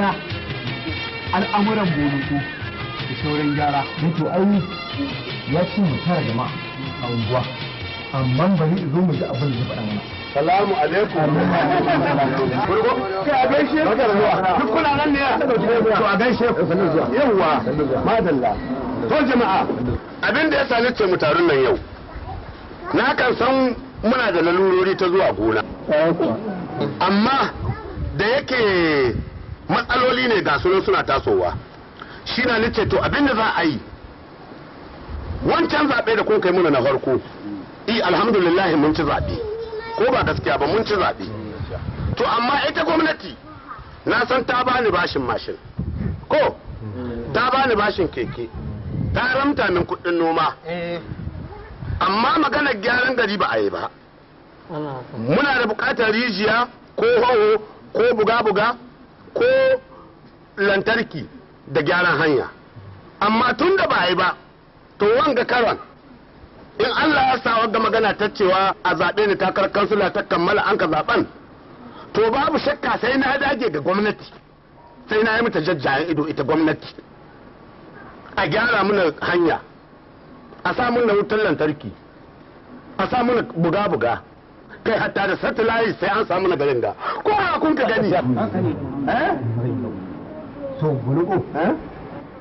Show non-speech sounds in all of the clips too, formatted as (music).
gaskiya al'amuran bulutu da sauran gyara to ai ya ci mu tara jama'a a unguwa amma bari zo mu ji abin da faɗa mana salamu alaikum burgo kai a gaishe duk kuna nan ne to a gaishe ku madalla to jama'a abin da ya salice mu taron nan yau na kan san muna da lalurori ta zuwa gona amma da yake matsaloli ne ga sunan suna tasowa shi na nace to abinda za a yi wancan zaɓe da kun kai muna na farko i alhamdulillah mun ci zaɓe ko ba gaskiya ba mun ci zaɓe to amma ita gwamnati na san ta bani bashin mashin ko ta bani bashin keke ta ramta min kuɗin noma amma maganar gyaran gari ba a yi ba muna da buƙatar rijiya ko hawo ko buga-buga ko lantarki da gyaran hanya amma tun da ba yi ba to wanga karon in allah ya sa wanga magana ta cewa a zaɓe ni takar kansula ta kammala an ka zaɓen to babu shakka sai na dage ga gwamnati sai na yi mata jajjayen ido ita gwamnati a gyara mana hanya a sa mana wutar lantarki a sa mana buga-buga kai hatta da satellite sai an samu na garin da ko kun ka gani Eh? so bulugu eh?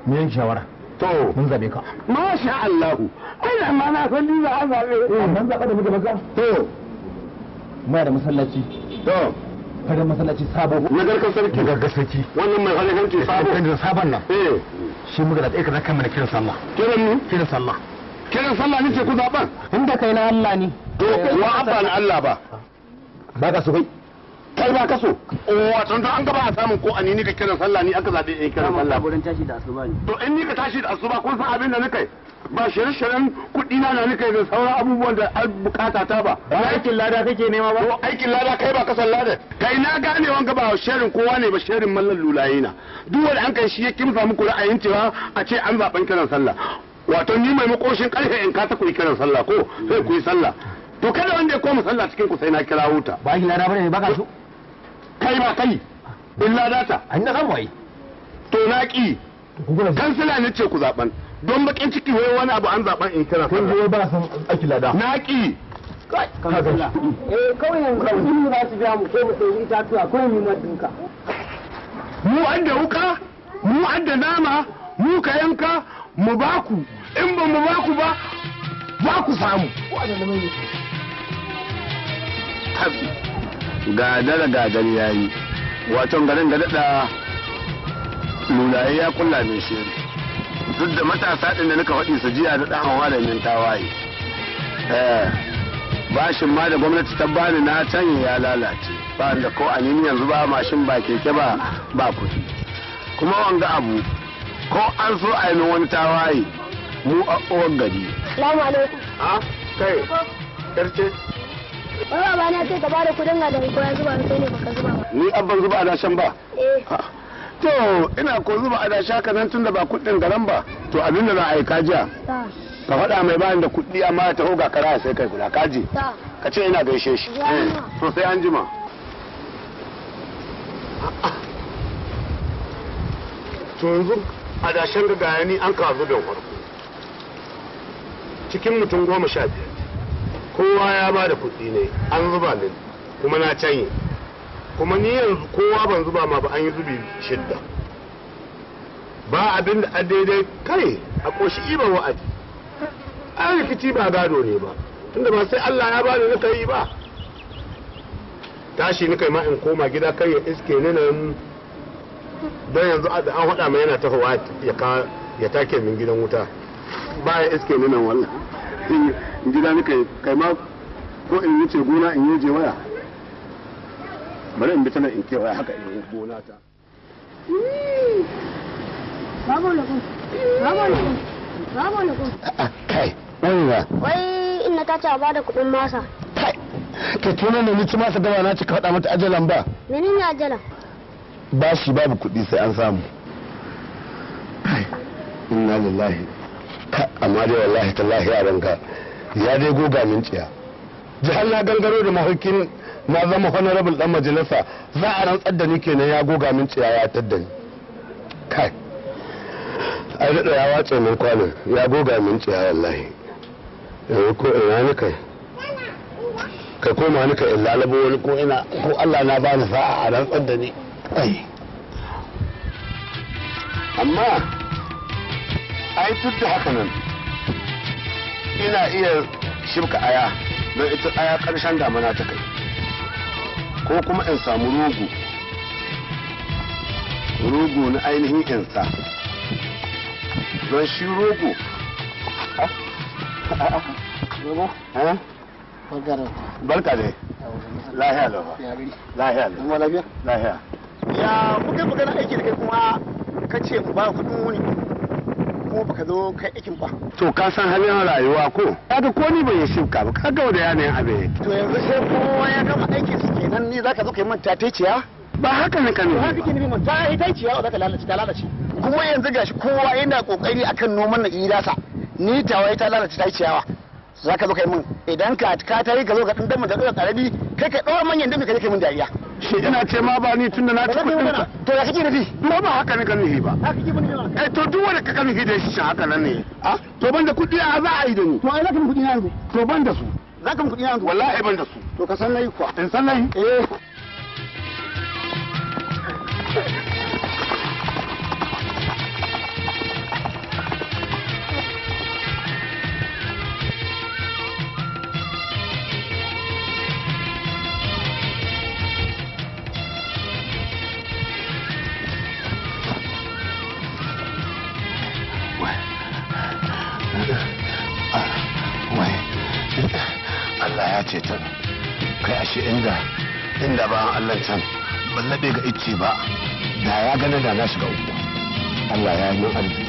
mu yin shawara to mun zabe ka masha Allah ai ma na san ni za a zabe eh, amma zaka da muke baka to mai da masallaci to farin masallaci sabo na garkar sarki garkar sarki wannan mai farin sarki sabo kan da sabon nan eh shi muka da tsaka kan mana kiran sallah kiran ni kiran sallah kiran sallah ne ce ku zaban inda kai na Allah ne to wa abba na Allah ba ba ka so kai kai ba kaso wato oh, don an gaba a samun ko a ni ka kiran sallah ni aka zabe in kiran sallah gurin tashi da asuba ne to in ni ka tashi da asuba kun san abin da nake ba shirin shirin kuɗi na na nake da sauran abubuwan da an bukata ta ba aikin lada kake nema ba aikin lada kai ba kasan lada kai na gane wanga ba shirin kowa ne ba shirin mallan lulaye na duk wanda an kai shi ya kimsa muku ra'ayin cewa a ce an zaben kiran sallah wato ni mai makoshin karfe in ka ta kuyi kiran sallah ko sai kuyi sallah to kada wanda ya koma sallah cikin ku sai na kira wuta ba shi lada bane ba ka so kai ma kai in data an na samu ai to na ki kansila ne ce ku zaben don bakin ciki wai wani abu an zaben in kira kun je ba san aki lada na ki kansila eh kawai yanzu kawai ba su biya mu ko mu ɗauki itatuwa ko mu ma duka mu an da wuka mu an da nama mu ka yanka mu baku in ba mu baku ba ba ku samu. Tabi. ga dara ga ya yi waton garin da daɗa lulaye ya kulla mai shi duk da matasa ɗin da nuka faɗi su jiya da ɗan hawa da min tawaye eh, bashin ma da gwamnati ta bani na canye ya lalace ba da ko anin yanzu ba mashin ba keke ba ba kuɗi kuma wanga abu ko an so a yi wani tawaye mu a gari. Salamu alaikum. Ah, kai, yarce. Baba ba na ce ka bada kudin ga da koya zuba sai ne baka zuba ba. Ni abban zuba adashan ba. Eh. To ina ko zuba a adasha ka nan tun da ba kudin garan ba. To abin da za a yi kajiya. Ka faɗa mai bayan da kuɗi amma ta hoga kara sai kai guda kaji. Ka ce ina gaishe shi. Eh. To sai an jima. To yanzu adashan ga gaya ni an kawo zubin farko. Cikin mutum goma sha biyar. kowa ya ba da kuɗi ne an zuba min kuma na canye kuma ni yanzu kowa ban zuba ma ba an yi zubi shidda ba abin a daidai kai a ƙoshi iba wa'adi an rikici ba gado ne ba tunda ba sai Allah ya bani nuka yi ba tashi nuka yi in koma gida kai ya iske ni nan don yanzu an haɗa mai yana tafawa ya take min gidan wuta ba ya iske ni nan wannan in gida nika kai ma ko in yi ce gona in yi je waya bari in bi tana in kewaya haka in yi gona ta kai ɗanwa wai in na tace a bada kuɗin masa ka tunan da nici masa gaba na cika faɗa mata ajalan ba menene ajalan ba shi babu kuɗi sai an samu inna lillahi amma dai wallahi tallahi a ka ya dai goga min tsiya jihar na gangaro da mahaukin na zama honorable dan majalisa za a rantsar da ni kenan ya goga min tsiya ya tadda ni kai ai daɗa ya wace min kwanan ya goga min tsiya wallahi eh, ina ni kai ka koma ni ka in lalabo wani ko ina ko Allah na bani sa'a a rantsar da ni amma ai duk da haka nan ina iya shibka aya don ita aya karshen damana ta kai ko kuma in samu rogo rogo na ainihin insa don shi rogo eh? barka dai lahiya lahiya lahiya ya kuka magana aiki da kai kuma ka ce ba kudin wuni ko baka zo kai aikin ba to ka san halin rayuwa ko kaga ko ni ban yi shuka ba kaga wanda yanayin abin to yanzu sai kowa ya gama aikin su kenan ni zaka zo kai ta taiciya. ba haka ne kanu ba kike neman ta yi taiciya ba ka lalace ta lalace kuma yanzu gashi kowa yana kokari akan noman na irasa ni tawaye ta lalace ta ciyawa zaka zo kai mun idan ka ka tayi ka zo ka dan dama da karabi kai ka dora manyan dami ka kai mun dariya shi ina ce ma ba ni tun da na ci kudin to ya kake nufi ba ba haka ne kan ba eh to duk wanda ka kan da shi haka nan ne a ah, to ban da kudi a za a yi da ni to ai zaka kudi na yanzu to ban da su zaka kudi na yanzu wallahi ban da su to ka san nayi kuwa in san nayi eh inda inda ba Allah can ban labe ga icce ba da ya gane da na shiga uku Allah ya yi arziki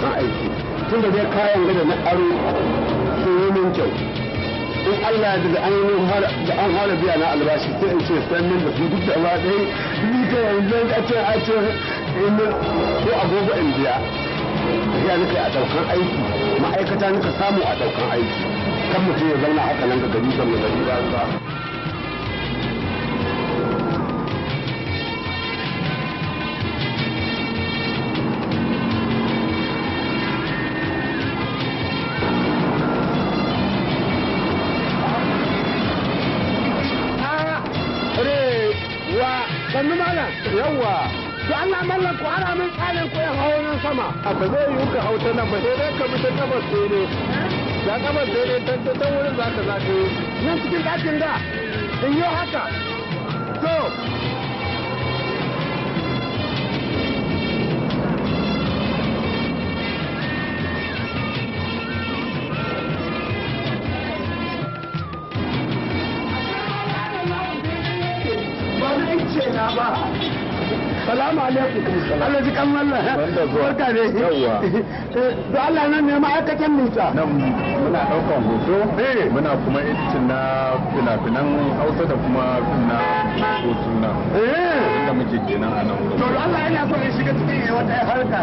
abokan aiki tun da dai kayan gada na aro sun yi min kyau in Allah da da an hana biya na albashi sai in ce sai min da su duk da ba dai ni ka yanzu a ce a ce in ko agogo in biya ya nake a daukan aiki ma'aikata nika samu a daukan aiki kan mutum ya zauna haka nan ga gari kan gari ba ce ku min tsarin ku yan hawo nan sama a ba zai yiwu ka hauta nan ba sai dai ka bi ta gabas sai ne ya gabas sai ne ta ta wurin za ka zaɓe nan cikin ɗakin da in yi haka to assalamu alaikum Allah ji kan wallah barka ne eh, to Allah nan ne ma'aikatan Musa nan muna daukan hoto eh. muna kuma editin na fina-finan Hausa da kuma na hoto eh inda muke kenan a nan to Allah yana so ya shiga cikin wata harka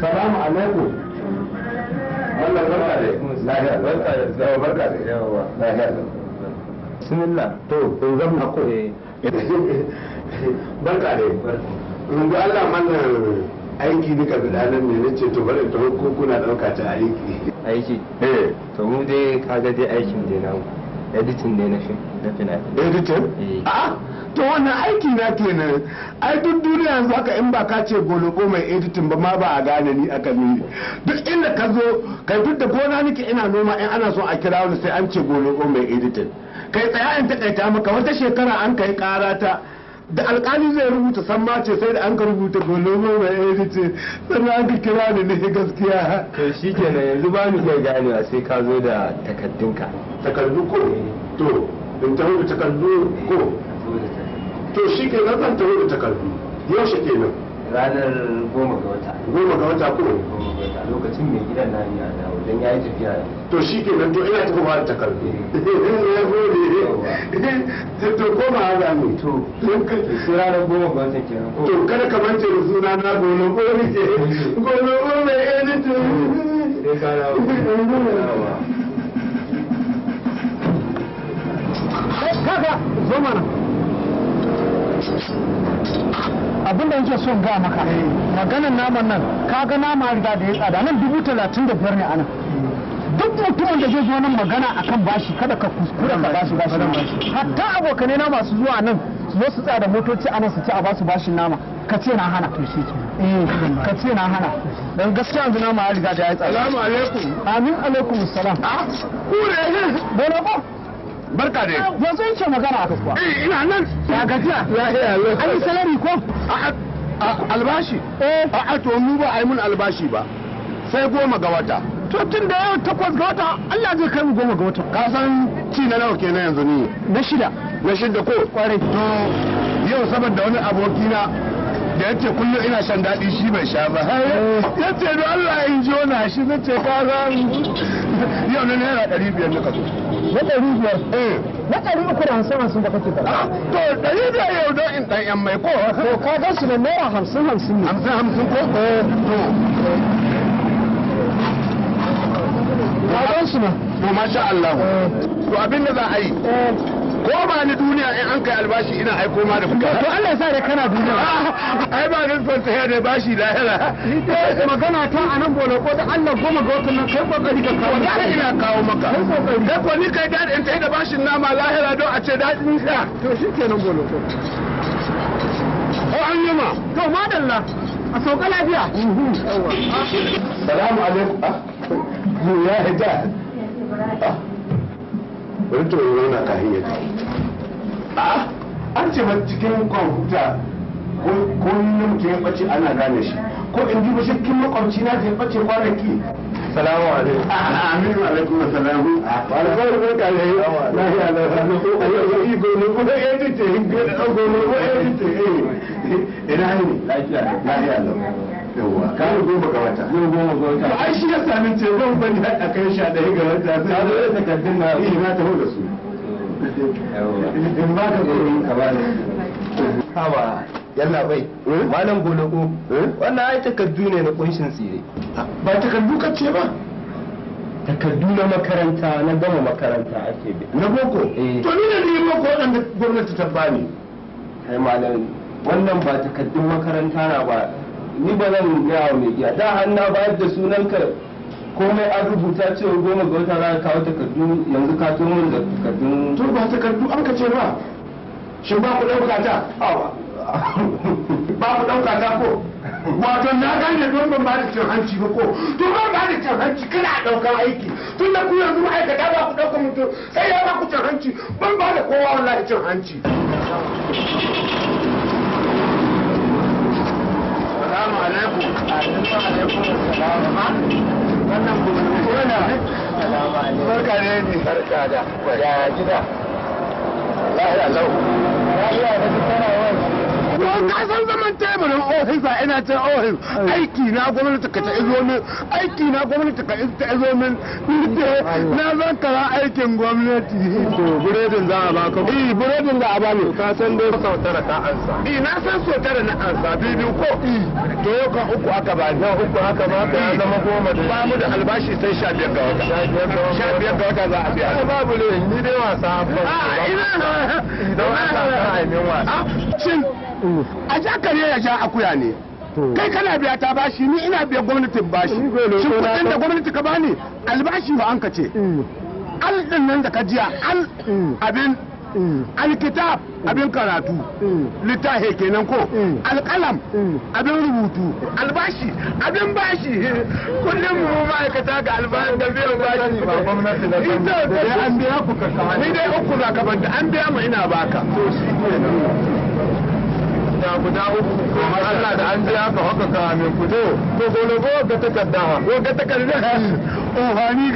salamu alaikum wannan barka da barka da yawa bismillah to in zama ko (laughs) barka dai mun ga Allah mallan aiki duka bidanan ne nace to bari ta ko kuna dauka ta aiki aiki eh to mu dai kaga dai aikin dai na editing ne eh. na fim na fina editing a'a ah, to wannan aiki na kenan ai duk duniya yanzu haka in ba ka ce goloko mai editin ba ma ba a gane ni aka ni duk inda ka zo kai duk da gona nake ina noma in ana so a kira wani sai an ce goloko mai editin kai tsaya in takaita maka wata shekara an kai kara ta da alkali zai rubuta san ma ce sai da an ka rubuta gololo mai eh, yi ce sannan an ka kira ni ne gaskiya to shi ke na yanzu ba ni gane a sai ka zo da takaddunka takardu ko to in ta rubuta takardu ko to shi ke na zan ta rubuta takardu yaushe nan. ranar goma ga wata goma ga wata ko lokacin mai gidan na ya dawo dan ya yi tafiya to shi ke nan to ina tafi eh. (laughs) ba ta karfi ya gode to koma haza ne to su ranar goma ga wata kenan to kada ka mance da suna na gona (laughs) mai eh, ka (laughs) kaka zo mana abinda yake son ga maka eh. maganar naman nan kaga nama riga da ya tsada nan dubu talatin da biyar ne nan duk mutumin da zai zo nan magana akan bashi kada ka kuskura ka bashi bashi hatta abokanai na masu zuwa nan su zo su tsada motoci a nan su ci a basu bashin nama ka ce na hana eh, ka ce na hana don gaskiya yanzu nama ya riga da ya tsada salamu alaikum amin alaikum salam ne ah, barka dai yanzu in ce magana ka kuwa eh ina nan ya gajiya lahiya lahiya an yi salari ko albashi eh a to mu ba ai mun albashi ba sai goma ga wata to tun da yau takwas ga wata Allah zai kai mu goma ga wata ka san ci na nawa kenan yanzu ni na shida na shida ko kwarai to yau saboda wani abokina da ya ce kullum ina shan daɗi shi bai sha ba eh. ya ce da Allah ya ji wani shi zai ce ka (laughs) yau na naira ɗari biyar na kaso na ɗari biyar eh. na ɗari uku da hamsin hamsin da kake fara ah, to ɗari biyar yau don in ɗan yan mai ko to ka gan shi da naira hamsin hamsin ne hamsin hamsin ko ko eh, to ka gan shi na to masha Allah eh. to abin da za a yi ko ba ni duniya in an kai albashi ina aiko ma da kuka to Allah ya sa da kana duniya (laughs) ai ba ni son sai da bashi lahira ni dai magana ta anan bolo ko da Allah goma ga wannan nan kai kokari ka kawo ka ina kawo maka kai ko ni kai da in tai da bashin nama lahira don a ce dadin ka to shikenan bolo ko ko an yi ma to madalla a sauka lafiya salamu alaikum ah, ya hijaz bari ta wani yana tahiyya a an ce ba cikin kwamfuta ko yi mutum ya ɓace ana gane shi ko in ji bashi kin makwabci na ta ɓace kwanaki salamu ka yi na yi alaikum ko yi ko ko ina lafiya yawa ka yi goma ga wata yau goma ga wata ai shi ya sami ce ban bani a kai sha ɗaya ga wata sai zo da takardun na yi eh, na taho da su in ba ka gori eh, ka ba ne hawa yalla bai eh? malam goloko wannan ai takardu ne na kunshin tsire ba takardu kace ba takardu na makaranta na gama makaranta ake bi na boko to ni ne ni boko wadanda gwamnati ta bani kai malam wannan ba takardun makaranta na ba ni ba zan gaya wa mai giya da har na bayar da ka komai an rubuta cewa goma ga wata rana kawo takardu yanzu ka zo mun da takardun to ba takardu an ka ce ba shi ba ku dauka ta ba ku dauka ta ko wato na gane don ban ba da cin hanci ba ko to ban ba da cin hanci kana daukar aiki tun da ku yanzu ma'aikata ba ku dauka mutum sai ya ba ku cin hanci ban ba da kowa wallahi cin hanci Assalamu alaikum. Wannan ne. Assalamu alaikum. Barka ne ni. Barka da. Ya gida. Lahiya lau. Lahiya da to ka san zaman teburin ofisa ina ce ofis aiki na gwamnati ka ta izo min aiki na gwamnati ka ta izo min na zan kara aikin gwamnati to buredin za a baka eh buredin za a bani ka san dai sau tara ta ansa eh na san sau tara na ansa biyu ko eh. to kan uku aka ba na uku aka ba ka zama goma da ba mu da albashi sai sha biyar ga wata sha biyar ga wata za a biya babu ne ni dai wasa ba a ah, ina na don haka ka aimin wasa ah, a ja ya ja akuya ne kai kana biya ta bashi ni ina biya gwamnatin bashi shi kudin da gwamnati ka bani albashi ba an ka ce mm. al din nan da ka jiya al mm. abin mm. kitab abin karatu littafi kenan ko alkalam abin rubutu albashi abin bashi kullum mu ma'aikata ga albashi da biyan bashi ba gwamnati da gwamnati an biya ku ka ni dai uku za ka banta an biya mu ina baka to shi kenan da guda uku kamar Allah da an biya ka haka ka mai kudo ko gole ko ga takarda ga (laughs) takarda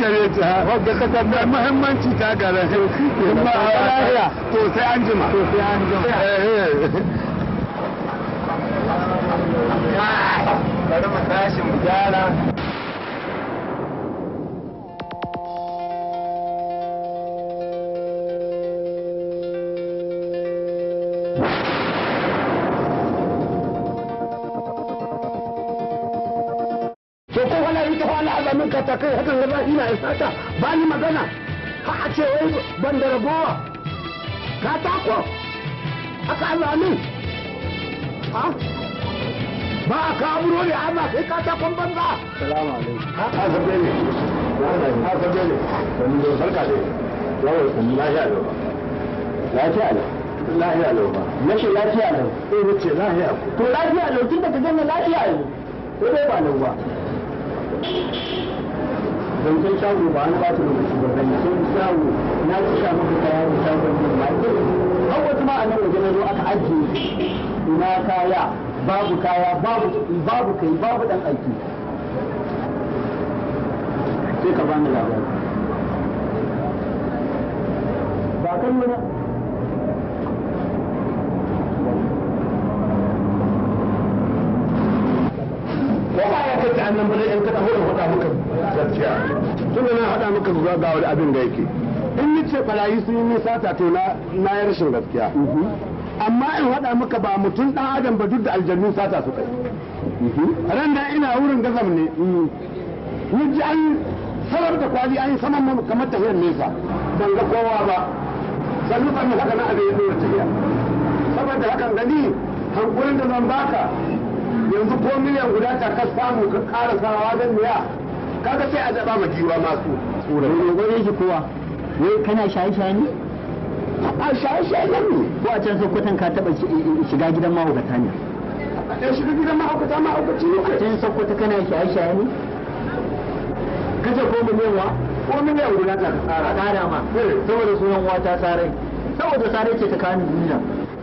gare ta ga takarda muhimmanci ta gare a to sai an jima to sai an jima eh, eh. bari mu tashi mu gyara kai hakan da zafi na isa ba ni magana ha a ce wai ban da ragowa ka tako aka Allah ha ba a kawo buro ne Allah sai ka takon banza ne ka ne da barka dai kun lafiya da ne lafiya ba lafiya ko lafiya eh, to lafiya tun da ka gane lafiya ko dai ba lau don can shago ba an bata da shugaban ba sun shago na ci sha maka kaya da shagon ne ba ke har wata ma a nan waje na zo aka ajiye ina kaya babu kaya babu babu kai babu dan aiki sai ka bani labari ba kan mana da annan ba zai in kada horon faɗa maka gaskiya tun da na faɗa maka zuwa ga wani abin da yake in ni ce barayi sun yi nisa ta to na yi rashin gaskiya amma in faɗa maka ba mutum ɗan adam ba duk da aljannu sata su kai ran da ina wurin gazam ne ni ji an sarar da kwali an yi saman mu kamar tafiyar nesa ban ga kowa ba sannu sannu haka na abin ya ɗora tafiya saboda hakan gani hankulin da zan baka yanzu ko miliyan guda ta ka samu ka kara sawa don miya kaga sai a zaɓa ma giwa masu ko ne yake kowa wai kana shaye-shaye ne a shaye-shaye nan ne ko a can sokotan ka taɓa eh, eh, shiga gidan mahaukata ne a shiga gidan mahaukata mahaukaci ne a can sokotan kana shaye-shaye ne kace ko miliyan wa ko miliyan guda ta ƙara ƙara ma eh. saboda sunan wata sarai saboda sarai ce ta kawo duniya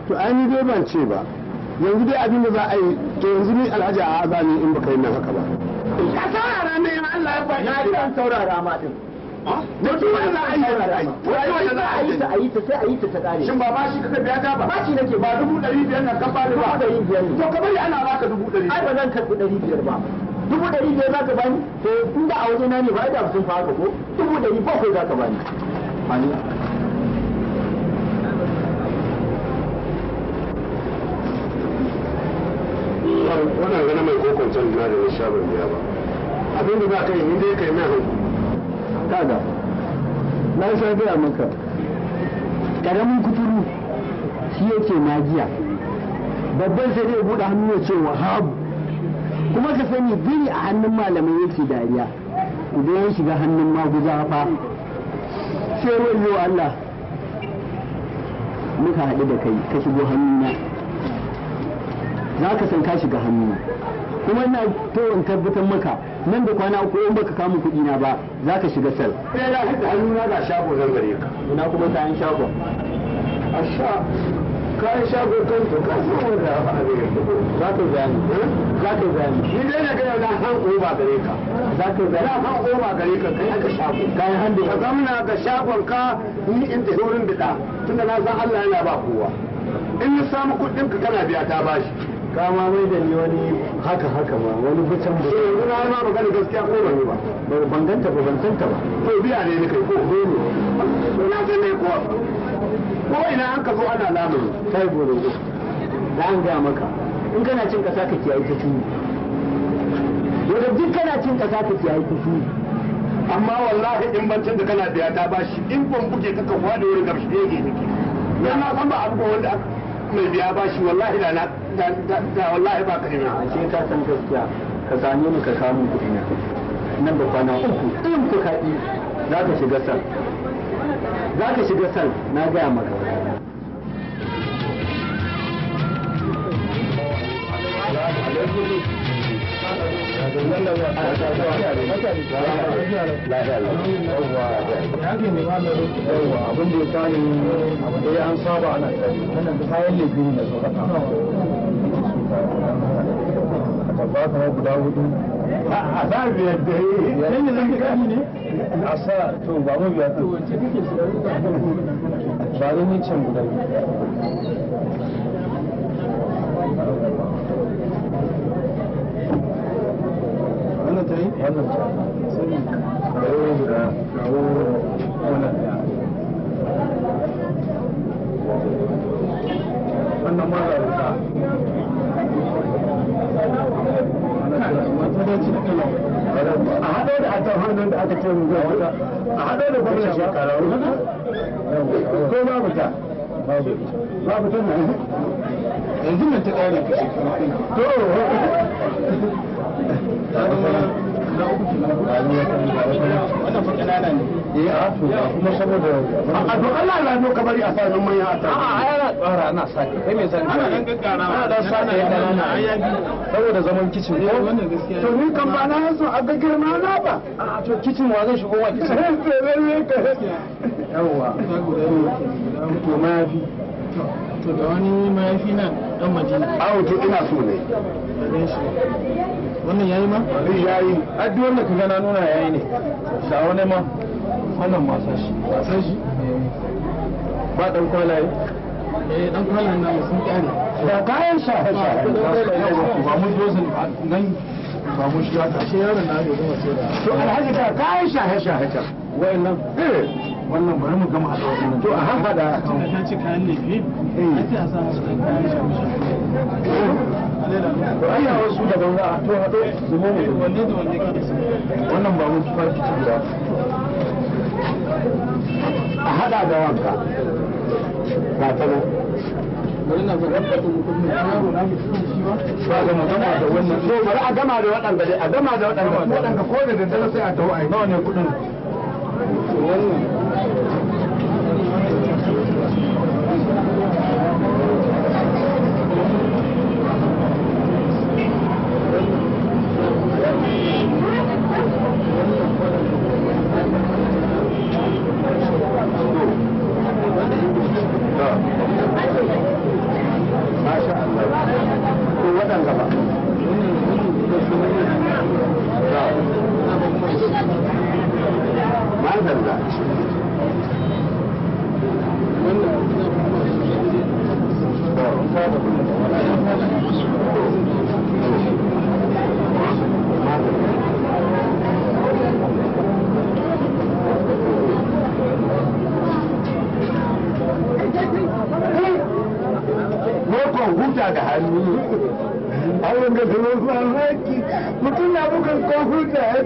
to ai ni dai ban ce ba yanzu dai abin da za a yi to yanzu ni alhaji a azami in baka yi nan haka ba ka saurara ne ma Allah ya faɗi na ran saurara ma din da su wanda za a yi da a yi wanda za a yi ta a yi ta sai a yi ta ta kare shin ba ba shi kaka biya ta ba ba shi nake ba dubu ɗari biyar na kan bani ba dubu ɗari biyar ne to kamar bari ana baka dubu ɗari ai ba zan karɓi ɗari biyar ba dubu ɗari biyar za ka bani to in a waje na ne ba ai da sun fa haka ko dubu ɗari bakwai za ka bani wannan gana mai kokon can na da na sha ban biya ba abin da ba ka yi dai kai na kaga na sha biya maka karamin kuturu shi yake magiya babban sai dai buɗe hannu ya ce haɓu kuma ka sani biri a hannun malamai yake dariya idan ya shiga hannun maguza fa sai wayo Allah muka haɗu da kai ka shigo hannuna za ka san ka shiga hannu kuma ina to in tabbatar maka nan da kwana uku in baka kama kuɗi na ba za ka shiga sal sai eh, na shi hannu na ga shago zan gare ka ina kuma kayan shago a sha kayan shago kan to ka so wanda ba a gare ka za ka gani eh? za ka gani ni dai na gaya na ko ba gare ka za ka gani na ko ba gare ka kai ka shago kayan hande ka zamna ga shagon ka ni in da wurin bida tunda na san Allah yana ba kowa in ya samu kuɗin ka kana biya ta bashi ka ma mai da ni wani haka haka ma wani bucan ba. sai eh, yanzu na ma magana gaskiya ko ba ne ba ba ban ganta ba ban tanta ba to biya ne kai ko ko ne na san ne ko ko ina an ka zo ana lamuni kai gore da an ga maka in kana cin kasa ka kiyaye ta tuni wanda duk kana cin kasa ka kiyaye ta tuni amma wallahi in ban da kana biya ta bashi in ban buge ka kan wani wani gamshi ne eh, eh, yake nake yana san ba abubuwan wanda mai biya bashi wallahi da na da wallahi ba ka ina shi ka san gaskiya ka same ni ka samu kuɗi na nan da kwana uku in ku kaɗi za ka shiga sal za ka shiga sal na gaya maka abin da ya kani ya eh, an saba ana kayan ba kuma guda hudu a sa biyar da yi yan yi zan kani ne a sa to ba mu to wace kake su ba can guda wannan ta yi wannan ta sai da yau kawo wannan wannan a haɗo da aka hannun da aka ce mu zai wata a haɗo da gwamnati shekara wani ko babu ta babu ta na yanzu nan ta ƙare ka shekara to wannan fa ƙanana ne eh a to kuma saboda a to Allah ya lano kabari a sa nan manya a ta bara ana sake kai mai zan ana nan gaggara ana dan sake ya dan saboda zaman kicin ko eh, to ni kan ba na so a gaggar ma na ba a to kicin wa zai shigo wa kicin (laughs) eh, eh, yawa to ma to da wani mayafi nan dan madina awo to ina so ne wannan yayi ma zai yayi addu wanda kaga na nuna yayi ne da wani ma wannan masa shi masa shi ba dan kwalaye Eh, dan ba mun wannan bari mu gama to a haka da ci kayan ne eh wannan ba mu a hada da wanka ba ta nan ba da wannan bari a gama da waɗanda a gama da waɗanda waɗanda ko da daddare sai a tawo ai nawa ne kuɗin wannan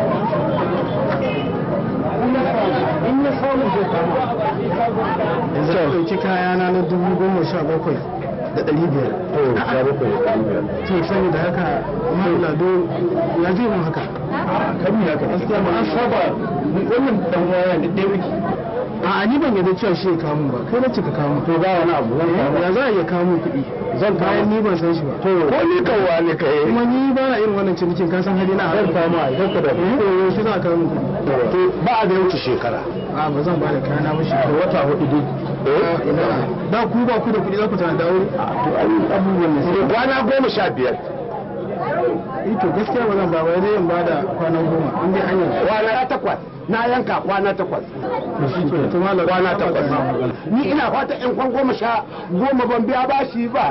in ya samu yanzu ka ɗauki kayana na dubu goma sha bakwai da ɗari biyar to oh, sha bakwai da ɗari biyar to saboda haka mai lado ya zai mun haka kan haka gaskiya ma an saba wannan dan waya da ɗaya a ni ban yadda cewa shi ya kamun ba kai na cika kamun to ba wani abu ya za a iya kamun kuɗi zan kayan ni ban san shi ba to ko ni kan wani kai kuma ni ba na irin wannan cikin ka san hali na a zan ma a zan ka da ko shi za a kamun kuɗi to ba a da wuce shekara a ba zan ba da na ba shekara wata hudu dai eh? da ku ba ku da kuɗi za ku tana dawo a to ayi abubuwan ne eh. kwana goma sha biyar ito eh, gaskiya ba ba wai zai ba da kwana goma in hanyar kwana takwas na yanka kwana takwas kwana takwas ni ina fata in kwan goma sha goma ban biya ba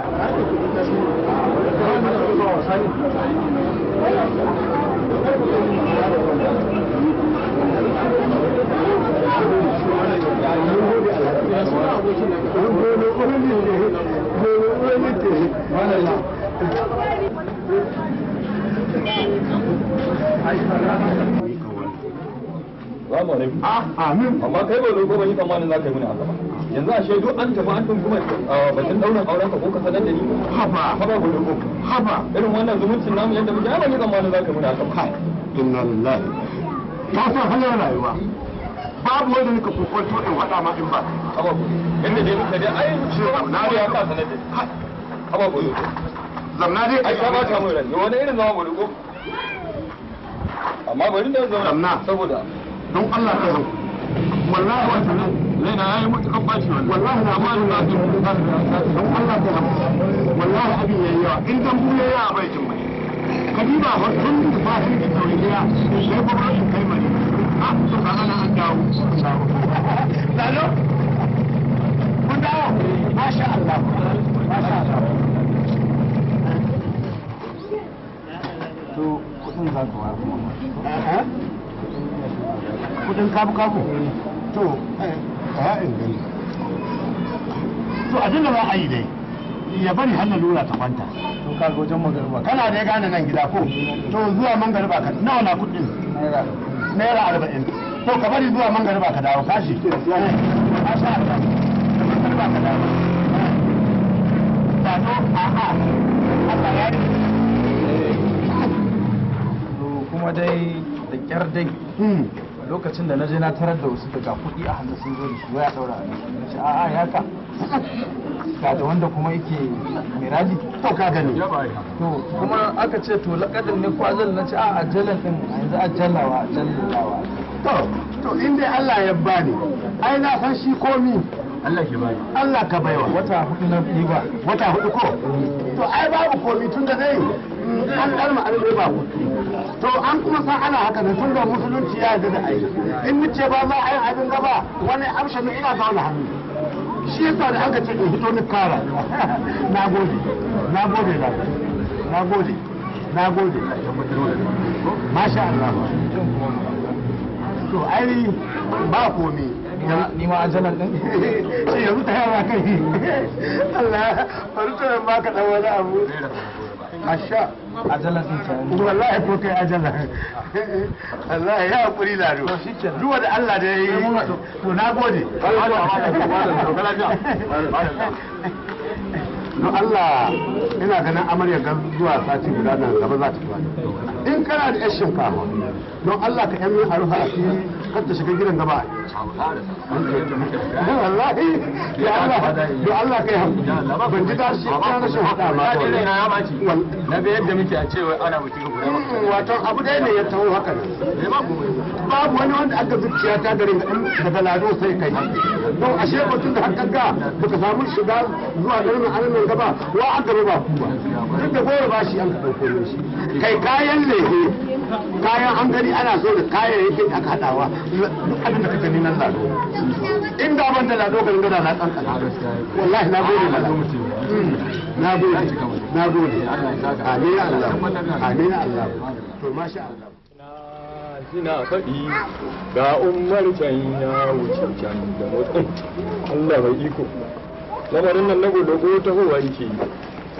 Thank Salamu alaikum. Ah, amin. Amma kai ba zo ban yi tsammanin za ka yi mini haka ba. Yanzu a shaidu an tafi an tafi kuma batun ɗaurin auren ka ko ka sanar da ni. Haba. Haba ku duku. Haba. Irin wannan zumuncin namu yadda muke ban yi tsammanin za ka yi mini haka ba. Inna lillahi. Ka san hanyar rayuwa. Babu wanda nika kokonto in faɗa ma in ba. Haba ku. Yadda dai muka dai ai. Na ya ka sanar da ni. Haba ku duku. zamna dai a shaba ta mai rai wani irin zama bari ko amma bari da zauna saboda don Allah ka zo wallahi wata nan zai na yayi mutukan bashi wani wallahi na ba na bin don Allah ka zo wallahi abin yayi yawa in dan buye ya bai jin mai kadiba ba sun ba shi da tauriya sai ba shi kai mai a to kana na an dawo salo kun dawo masha Allah masha Allah Eh. to eh. kudin za ku a to dai ya bari har lura ta kwanta kana dai gane nan gida ko eh. to zuwa nawa na kudin naira arba'in to ka bari zuwa magarba ka dawo kashi a a yi kuma dai da kyar dai hmm. lokacin da na je na tarar da wasu daga kuɗi a hannu sun zo da shi waya daura ne shi ce a'a ya ka ga da wanda kuma yake miradi to ka gani to kuma aka ce to lakadin ne ko ajal na ce a ajalan din yanzu ajalawa ajalawa to to in dai Allah ya bani ai na san shi komi Allah ke bani Allah ka baiwa wata hudu na ba wata hudu ko eh. to ai babu komi tun da dai mm, an karma an ba hudu to an kuma san ana haka da tun da musulunci ya yarda da ai in mace ce ba za a yi abin gaba wani amsha ne ina zaune hannu shi yasa da aka ce in hito ni kara (laughs) na gode na gode na na gode na gode masha Allah to ai ba komi ni ma ajalan din (laughs) yanzu ta yawa kai (laughs) Allah farko ta ba ka dawo da abu asha ajala ko kai ajala Allah ya hakuri lado duwa da Allah da yayi to na gode Allah ina ganin amaryar zuwa sati guda nan gaba za ta tuwa in kana da yan shinkafa don Allah ka a rufa a fili kar shiga gidan gaba wallahi ya Allah ya Allah ban ji hada ma na yadda muke a cewa ana mutum guda hmm, wato abu ne ya taho haka babu wani wanda aka zuciya ta gare da galado sai kai don ashe batun da haka ga baka samu shiga zuwa garin anan gaba wa a gaba ba ku ba duk da ba shi an ka ɗauko shi kai kayan ne kayayyakin bayan an gani ana so da kayayyakin aka haɗawa duk abin da ka gani nan lado in da ban da lado garin gada na kankana wallahi na gode mala na mm. gode na gode amin Allah amin Allah to masha Allah Sina faɗi ga umar can ya wuce can da mutum Allah bai iko lamarin nan na gobe ko tahowa yake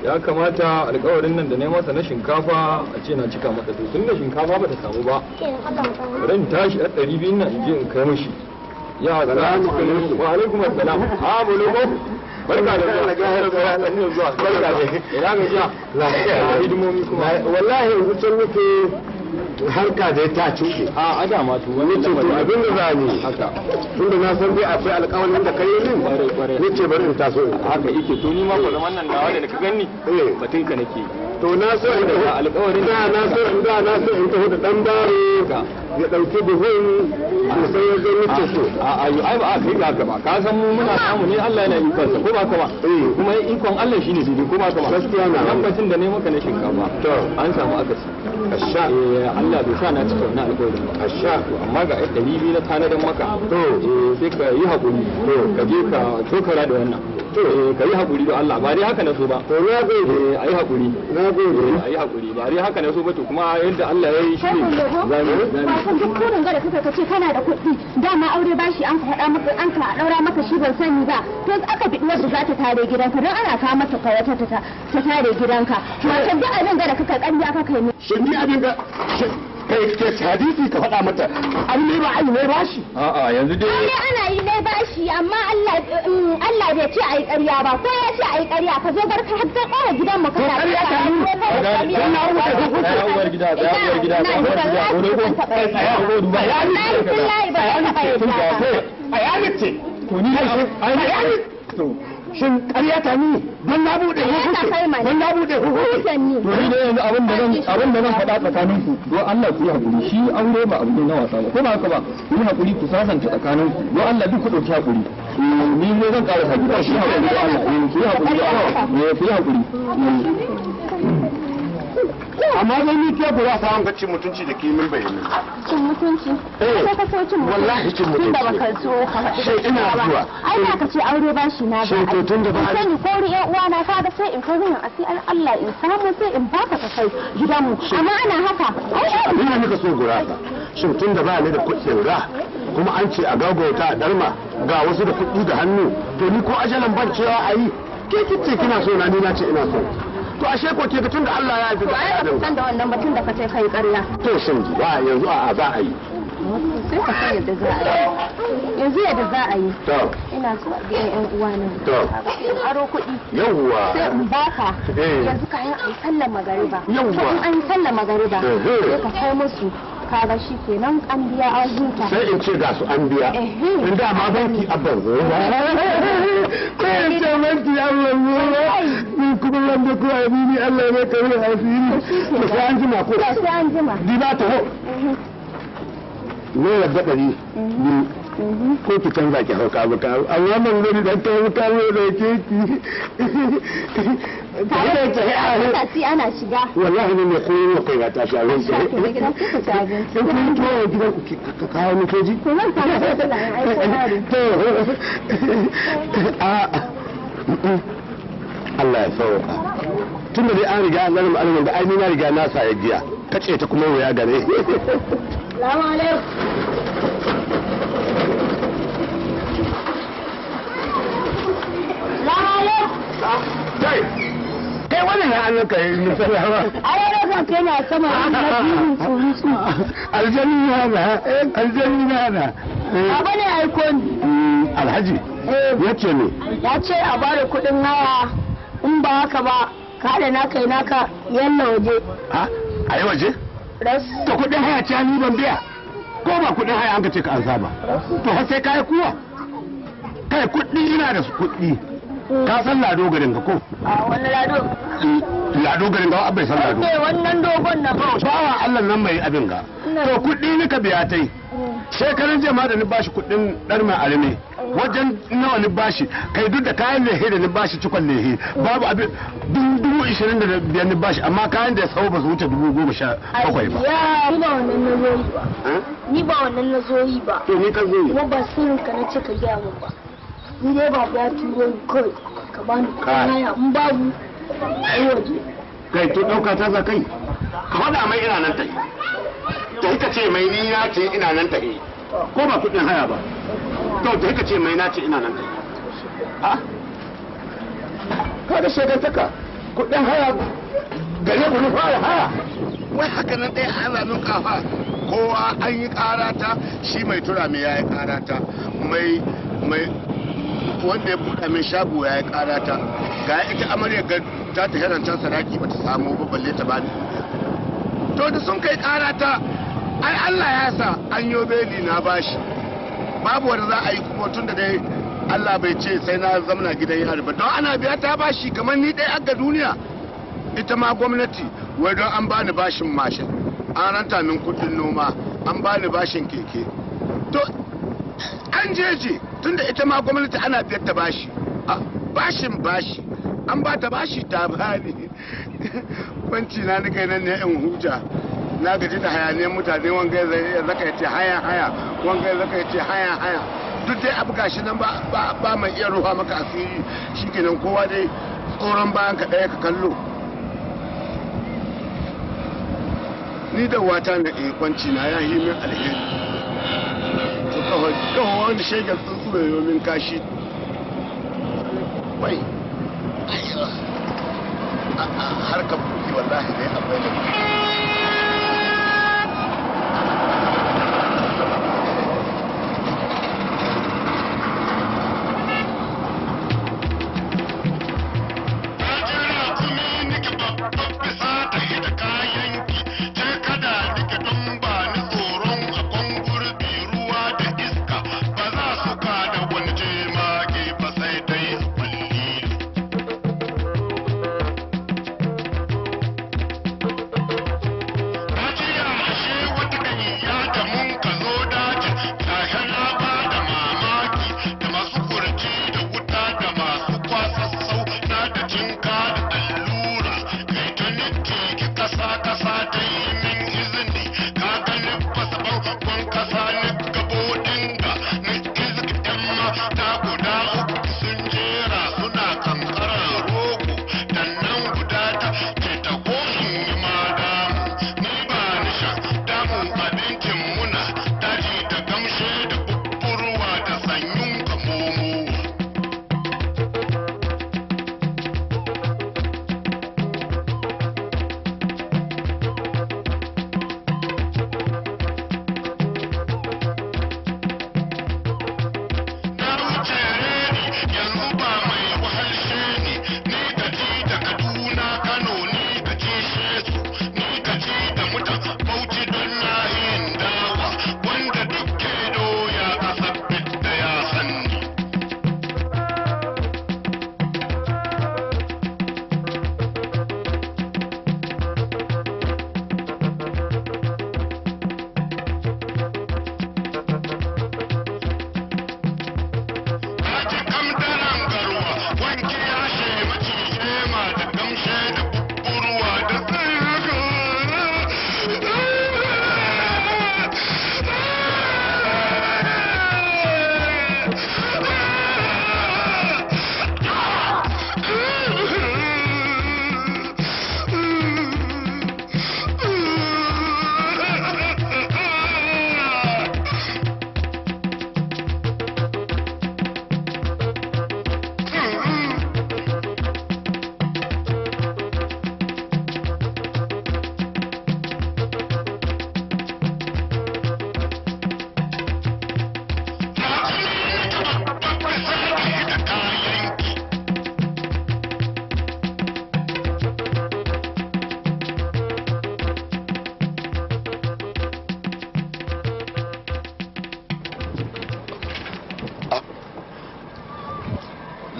ya kamata alkawarin nan da ne masa na shinkafa a ce na cika masa to tun da shinkafa ba ta samu ba ran tashi a ɗari biyu na in je in kai mashi ya zara wa alaikum assalam ha ko? barka da zuwa barka da zuwa barka da ina ga jiya lafiya hidimomi kuma wallahi hutun muke harka da ta cuɗe a ada ma to wani ce to abin da zani haka tunda na san dai akwai alƙawarin da kai min nace bari in taso haka yake to ni ma ko zaman nan nawa da ka ganni eh. batun ka nake to na so in da alƙawarin da na so in da na so in taho da dan baro ya ɗauki buhun da sai ya zo muke su a ayu ai ba a kai haka ba ka san mu muna samu ne Allah yana ikon sa ko ba ka ba eh. kuma ikon Allah shine sai ko ba ka ba gaskiya na lokacin da ne maka ne shinkafa to an samu akasi asha eh, Allah bai sa na cika wannan alƙawarin ba asha amma ga ɗari biyu na tanadan maka to eh, sai ka yi hakuri to ka je ka tokara da wannan to ka yi hakuri da Allah ba dai haka na so ba to na gode eh ayi hakuri na gode ayi hakuri ba dai haka na so ba to kuma yadda Allah ya yi shi ne zamu san duk kurin ga kuka kace kana da kuɗi dama aure bashi an faɗa maka an ka daura maka shi ban sani ba to aka bi wanda za ta tare gidanka dan ana kawo masa kawata ta ta tare gidanka wato duk abin ga da kuka kanya kaka ne shi ni abin ga kai ke hadisi ka faɗa mata an ne ba ai ne bashi a'a yanzu dai ne ana yi ne bashi amma Allah Allah bai ce ai ƙarya ba ko ya ce ai ƙarya ka zo barka har ka ƙara gidan mu ka ta ƙarya ta yi ya ka ku uwar gida ta uwar gida ta uwar gida ko ne ko kai ko duba ya ni ya ni ce ni ai ai shin ƙarya ta ni don na buɗe hukunci don na bude hukunci to ni dai yanzu abin da zan abin da zan faɗa tsakanin ku don Allah ku yi hakuri shi an aure ba abu na wasa ba ko ba haka ba ku yi hakuri ku sasanta tsakanin ku don Allah duk ku dauki hakuri ni ne zan ƙara hakuri shi hakuri don Allah eh, ku yi hakuri eh, ku yi hakuri eh. amma zai ni ke ba sa an ga cin mutunci da kimin bayanin cin mutunci eh sai ka so cin mutunci wallahi cin mutunci tunda baka so shi ina zuwa ai da ka ce aure ba shi na ba to tunda ba sai ni kori ƴan uwa na kaga sai in kai a sai Allah in samu sai in baka ka kai gidan mu amma ana haka ai ina nika so gura sa tun tunda ba ni da kuɗin gura kuma an ce a gagauta a dalma ga wasu da kuɗi da hannu to ni ko ajalan ban cewa ayi ke kice kina so na ni na ce ina so to ashe ko ke tun da Allah ya haifi ka ai ba san da wannan batun tun da kata kai ƙarya to shin ba yanzu a za a yi sai ka san yadda za a yi yanzu yadda za a yi ina so a biya yan uwa na aro kuɗi yawwa sai in baka eh. yanzu yi an sallar magariba yawwa an sallar magariba sai ka kai musu kaga shi nan an biya an huta sai in ce ga su an biya in da ma banki abban zo ko in ce banki Allah ne ni kuma nan da kuwa ni Allah ne kare hasiri sai an jima ko sai an jima di ba ta ne yadda ne ko ki canza ki hauka buka amma ban gani da ta hauka ne da ke ki tare da ke ta ci ana shiga wallahi ne kai ta kuma ki ku kawo da a Allah ya sauka tun dai an riga an zama alamun da ainihin na riga na sa ya giya ce ta kuma wuya gare السلام عليكم السلام عليكم طيب kai wannan ya annaka yi misala ba ai yana na sama an ga biyu su na na aljanni na ne aikon alhaji ya ce ne ya ce a nawa in ba haka ba ka da naka yi naka yalla Ha? a yi waje da kuɗin haya ce ni ban biya ko ba kuɗin haya an ka ce ka an saba to har sai kai kuwa kai kuɗi ina da su kuɗi ka san lado garin ka ko a wannan lado mm, lado garin ga bai san lado wannan dogon nan ba wa Allah nan mai abin ga to kuɗi ni ka biya tai shekaran jiya ma da ni bashi kuɗin ɗar mai arme wajen nawa ni bashi kai duk da kayan lehe da ni bashi cikon lehe babu abin dubu ishirin da biyar ni bashi amma kayan da ya sau ba su wuce dubu goma sha bakwai ba. ya ni ba wannan na zo yi ba eh? ni ba wannan na zo yi ba. to ni ka zo yi. kuma ba sirrin ka na ce ka gaya mun ba ni dai ba ya turo ni kawai ka bani kaya in babu kai to ɗauka ta za kai ka faɗa mai ina nan ta yi. ta hika ce mai ni na ce ina nan ta ko ba kudin haya ba to ta hika ce mai na ce ina nan ta yi ka da taka kudin haya gare ku ni fara haya wai haka nan dai ana nuka fa kowa an yi karata shi mai tura mai ya yi karata mai mai wanda ya buɗa mai shago ya yi karata ga ita amarya ga ta ta can saraki ba ta samu ba balle ta ba to da sun kai karata ai Allah ya sa an yo beli na bashi babu wanda za a yi kuma tun da dai Allah bai ce sai na zamna gidan yari ba don ana biya ta bashi kamar ni dai aga duniya ita ma gwamnati wai don an bani bashin mashin an ranta min kudin noma an bani bashin keke to an jeje tun da ita ma gwamnati ana biyar ta bashi bashin bashi an ba ta bashi ta bani kwanci (laughs) na nika nan ne 'yan huta na gaji da hayaniyar mutane wanga ya zaka ya ce haya haya wanga ya zaka ya ce haya haya duk dai abu gashi nan ba mai iya ruwa maka asiri shikenan kowa dai tsoron bayan ka ɗaya ka kallo ni da wata na in eh, kwanci na ya yi min alheri to kawai kawai wani sun tsuntsu da yomin kashi wai harkar buki wallahi ne abai da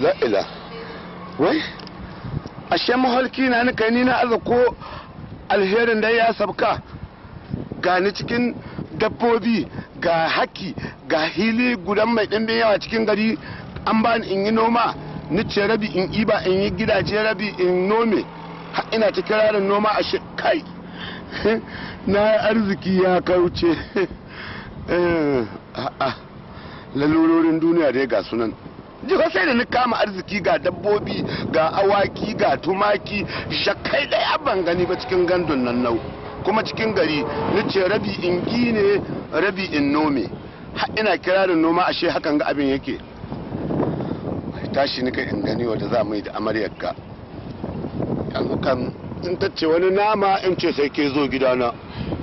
la'ila wai ashe mahalki na nika ni na aza ko alherin da ya sabka gani cikin dabbobi ga haki ga hili gudan mai ɗin yawa cikin gari an ba ni in yi noma ni ce rabi in iba in yi gidaje rabi in nome ina ta kirarin noma a kai (laughs) na arziki ya kauce (laughs) eh, lalurorin duniya dai ga sunan jiho sai da ni kama arziki ga dabbobi ga awaki ga tumaki shakai ɗaya ban gani ba cikin gandun nan nau kuma cikin gari ni ce rabi in gine rabi in nome ina kirarin noma ashe hakan ga abin yake tashi nika in gani wata za mu da amaryar ka yanzu kan in tace wani nama in ce sai ke zo gidana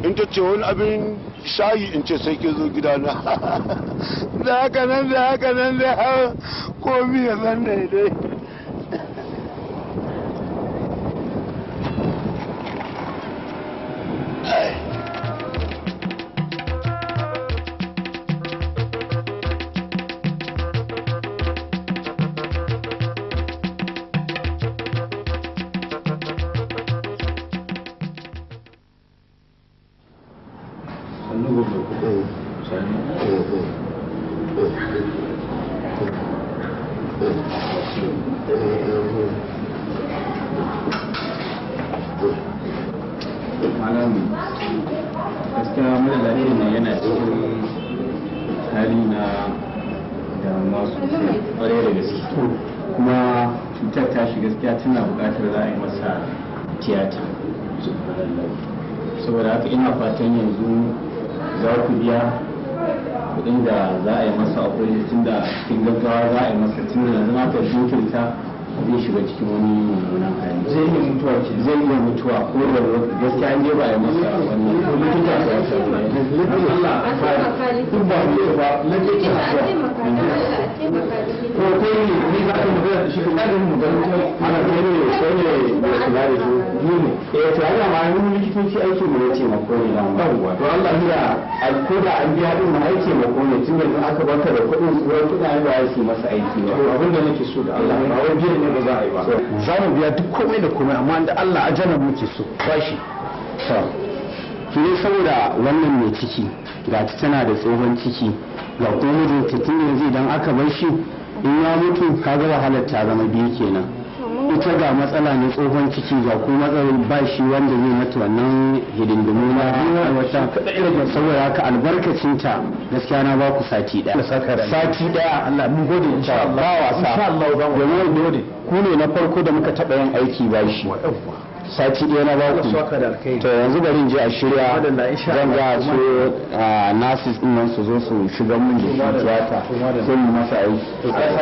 in ta ce wani abin shayi in ce sai ke zo gidana (laughs) da haka nan da haka nan da ko miya zan dai gaskiya mara lafiyar nan yana cikin hali na damuwa sosai kwarai da gaske kuma cutar tashi gaskiya tana buƙatar za a yi masa tiyata saboda haka ina fatan yanzu za ku biya kudin da za a yi masa akwai tun da cikin gaggawa za a yi masa tun da yanzu ta shi shokirta zai shiga cikin wani mummunan hali zai iya mutuwa ce zai iya mutuwa ko da gaskiya an je ba ya masa wannan ko likita ba ya sa ba Allah ba duk ba mu ba na je ki ba ko ko ni ni za ka magana shi ko ga mu ga mutum ana ko ne ko ne da su da su ne eh to Allah ma mun likitoci aiki mu ne taimako ne da ba to Allah ya ko da an biya din mu aiki mu ko ne tunda aka baka da kuɗin tsoron kuɗin ba ya su masa aiki ba abinda nake so da Allah ba wai biyan zamu biya duk komai da komai amma da Allah a janar muke so bashi ki ne saboda wannan mai ciki ga tana da tsohon ciki ga kuma mijinta tun yanzu idan aka bar shi in ya mutu ka ga wahalar ta zama biyu kenan ita ga matsala na tsohon ciki ga ko matsalar ba shi wanda zai mata wannan hidindimu na biyu wata saboda haka albarkacin ta gaskiya na ba ku sati daya sati daya Allah mun gode insha Allah ba wasa insha Allah ba mu gode ku ne na farko da muka taba yin aiki ba shi sati ɗaya na baku to yanzu bari je a shirya zan ga su ah, nasis din nan su zo su shiga mun da shi tiyata sai mu masa aiki sati ɗaya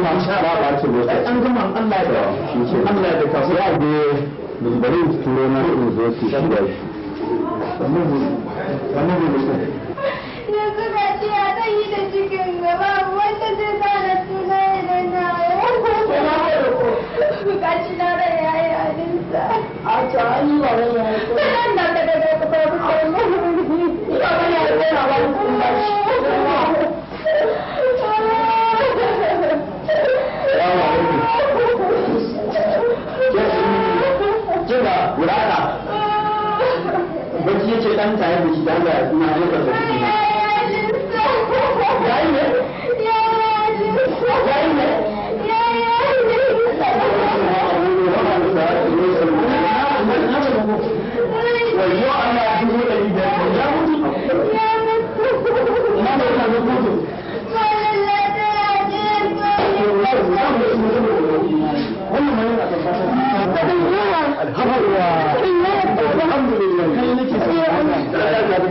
ma ba ba su lokaci an gama Allah da Allah da kasu ya ga bari turo na su zo su shiga shi wannan ne mutum yanzu ga ce a yi da cikin gaba 讲你老人家，再让你那那个那个到处走路，你老人家你老人家，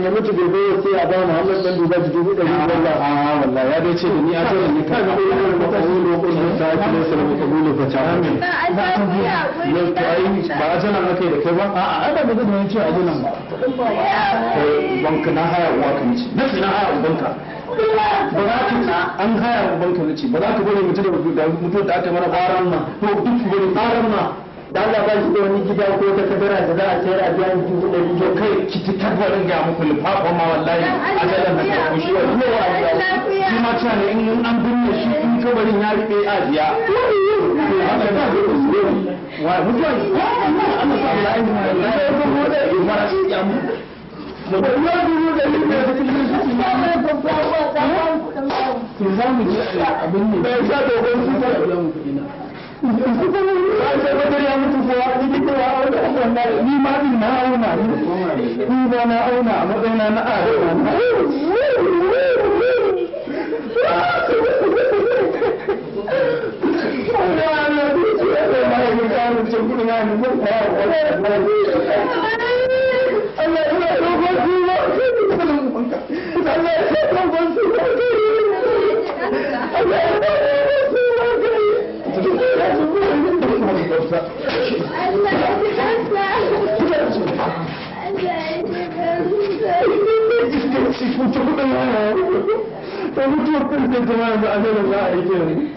kafin ya gobe ya ce a ba Muhammad dan duba ji dubu ɗari biyar a ah, ah, wallahi ya dace da ni a ce da ni kan ko ne ko ne ko ne ta ki ne sai ko ne ko ta ne ne to ai ba a jana da kai ba a a ai ba da ne ce a jana ba eh, banka na haya uwa kan ci na na haya ubanka ba za ka an haya ubanka na ci ba za ka bari mutu da mutu da aka mana baran ma to duk bari baran ma da Allah ba shi da wani gida ko ta kadara da za a sayar a biya ni dubu ɗari ko kai ki ci tabbarin ga muku lifafin ma wallahi a galan da ku shi wa zuwa a biya shi ma cewa ne in an binne shi in kabarin ya riɓe a biya wa mutuwa ne sa mu la'ayi mu da ya ko da ya shi ya mu da dubu da su ba mai babba ba ta mu ji abin ne bai sa dogon su kuɗi na Saya betul yang itu saya ini kita ada sana di mana mau nak di mana mau nak betul nak nak. Allah الأوساط يستكشفون فمتوقف الدوام على الغائبين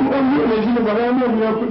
وأن يجب أن يأكل